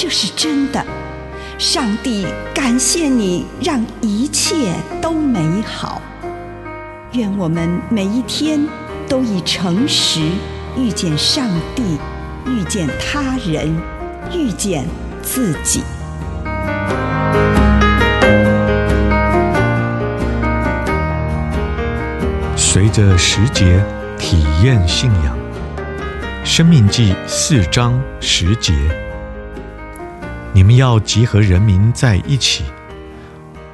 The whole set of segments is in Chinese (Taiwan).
這是真的，上帝感謝你讓一切都美好。願我們每一天都以誠實遇見上帝，遇見他人，遇見自己。隨着時節體驗信仰，《申命記》四章十節。你們要集合人民在一起，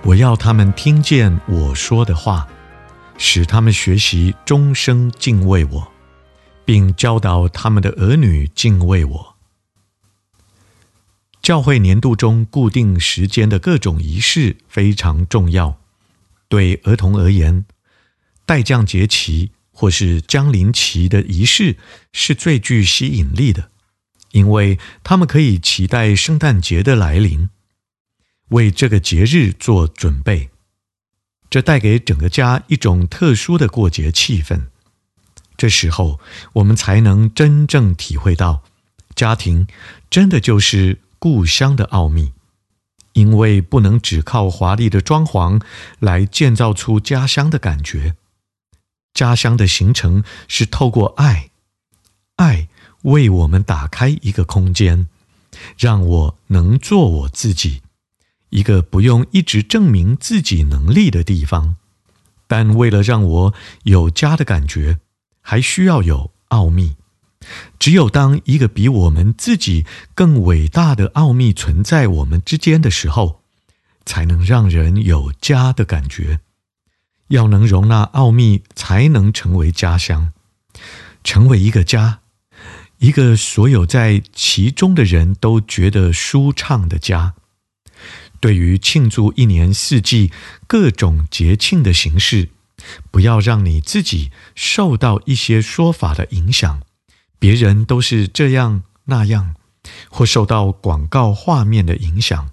我要他們聽見我說的話，使他們學習終生敬畏我，並教導他們的兒女敬畏我。教會年度中固定時間的各種儀式非常重要，對兒童而言，待降節期或是將臨期的儀式是最具吸引力的。因為他們可以期待聖誕節的來臨，為這個節日做準備，這帶給整個家一種特殊的過節氣氛。這時候，我們才能真正體會到，家庭真的就是故鄉的奧秘。因為不能只靠華麗的裝潢來建造出家鄉的感覺，家鄉的形成是透過愛。為我們打開一個空間，讓我能做我自己，一個不用一直證明自己能力的地方。但為了讓我有家的感覺，還需要有奧秘。只有當一個比我們自己更偉大的奧秘存在我們之間的時候，才能讓人有家的感覺。要能容納奧秘，才能成為家鄉，成為一個家。一個所有在其中的人都覺得舒暢的家。對於慶祝一年四季各種節慶的形式，不要讓你自己受到一些說法的影響，別人都是這樣那樣，或受到廣告畫面的影響。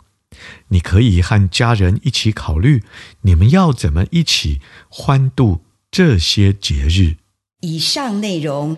你可以和家人一起考慮，你們要怎麼一起歡度這些節日。以上內容。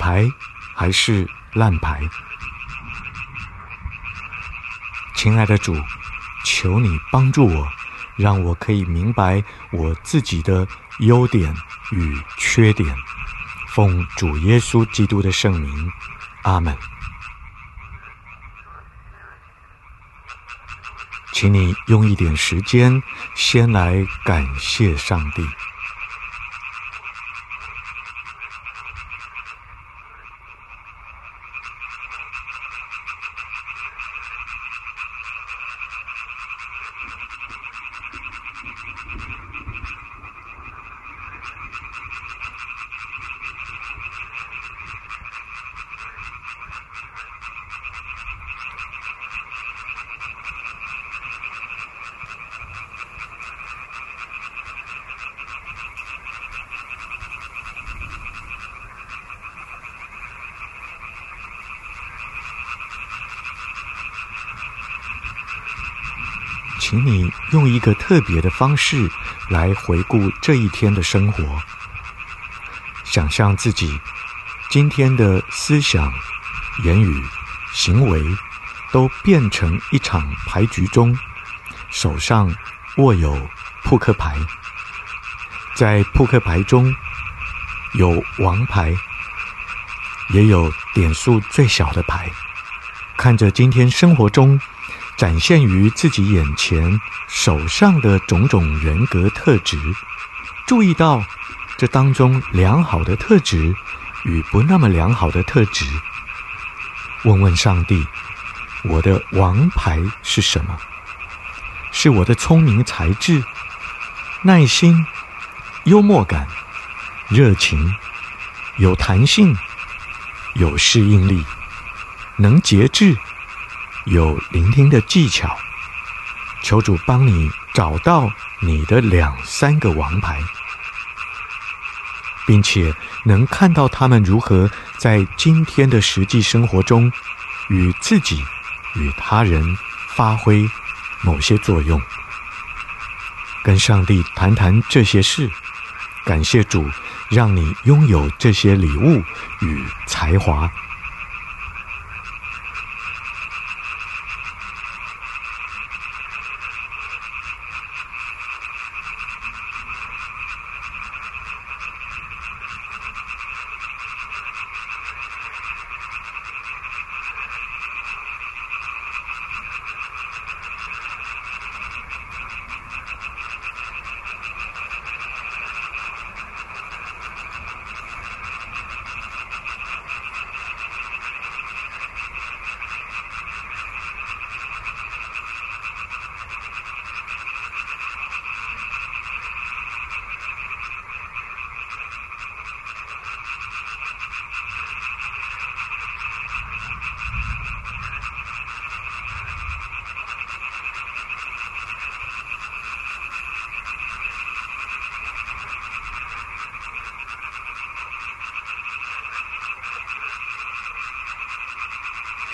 牌還是爛牌？親愛的主，求你幫助我，讓我可以明白我自己的優點與缺點。奉主耶穌基督的聖名，阿門。請你用一點時間，先來感謝上帝。請你用一個特別的方式來回顧這一天的生活。想象自己今天的思想、言語、行為都變成一場牌局中，手上握有撲克牌，在撲克牌中有王牌，也有點數最小的牌。看着今天生活中，展現於自己眼前手上的種種人格特質，注意到這當中良好的特質與不那麼良好的特質。問問上帝，我的王牌是什麼？是我的聰明才智、耐心、幽默感、熱情、有彈性、有適應力、能節制。有聆聽的技巧，求主幫你找到你的兩三個王牌，並且能看到他們如何在今天的實際生活中，與自己、與他人發揮某些作用。跟上帝談談這些事，感謝主讓你擁有這些禮物與才華。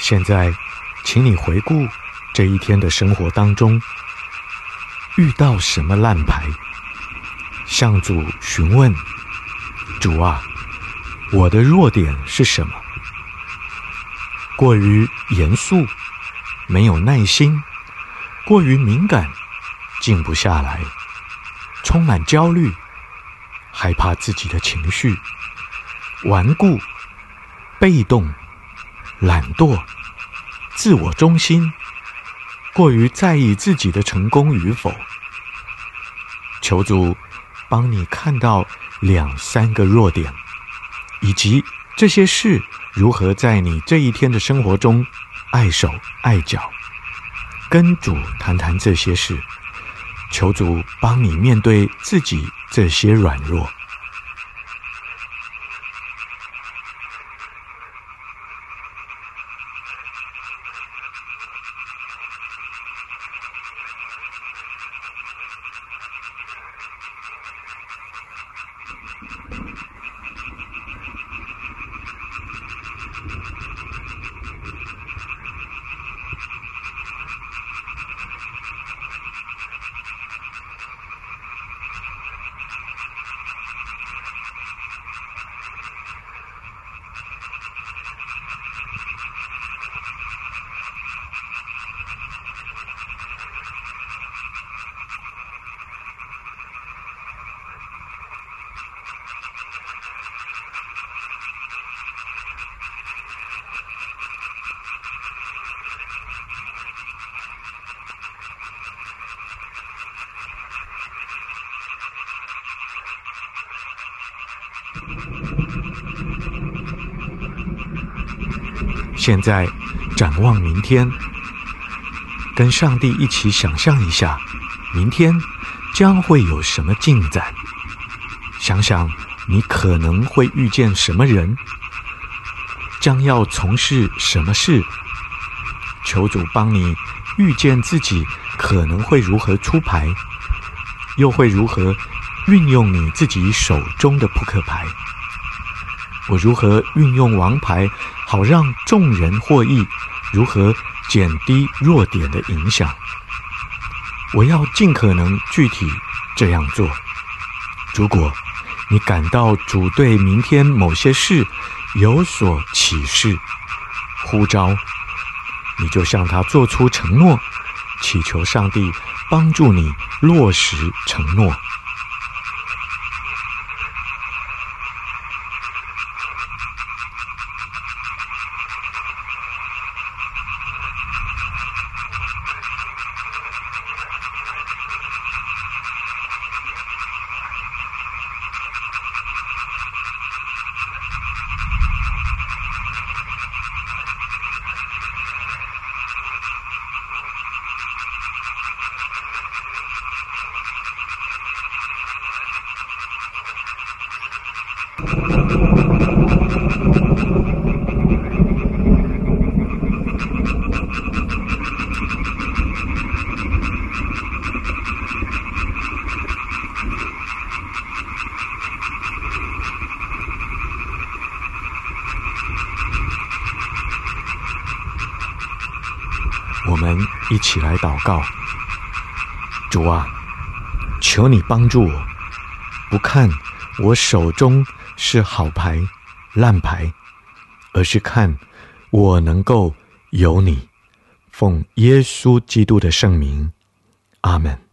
現在，請你回顧這一天的生活當中遇到什麼爛牌？向主詢問：主啊，我的弱點是什麼？過於嚴肅，沒有耐心，過於敏感，靜不下來，充滿焦慮，害怕自己的情緒，頑固、被動、懶惰。自我中心，過於在意自己的成功與否。求主幫你看到兩三個弱點，以及這些事如何在你這一天的生活中礙手礙腳。跟主談談這些事，求主幫你面對自己這些軟弱。現在，展望明天，跟上帝一起想象一下，明天將會有什麼進展？想想你可能會遇見什麼人，將要從事什麼事？求主幫你預見自己可能會如何出牌，又會如何運用你自己手中的撲克牌？我如何運用王牌？好讓眾人獲益，如何減低弱點的影響？我要盡可能具體這樣做。如果你感到主對明天某些事有所啟示、呼召，你就向他做出承諾，祈求上帝幫助你落實承諾。我們一起來禱告，主啊，求你幫助我，不看我手中是好牌、爛牌，而是看我能夠有你。奉耶穌基督的聖名，阿門。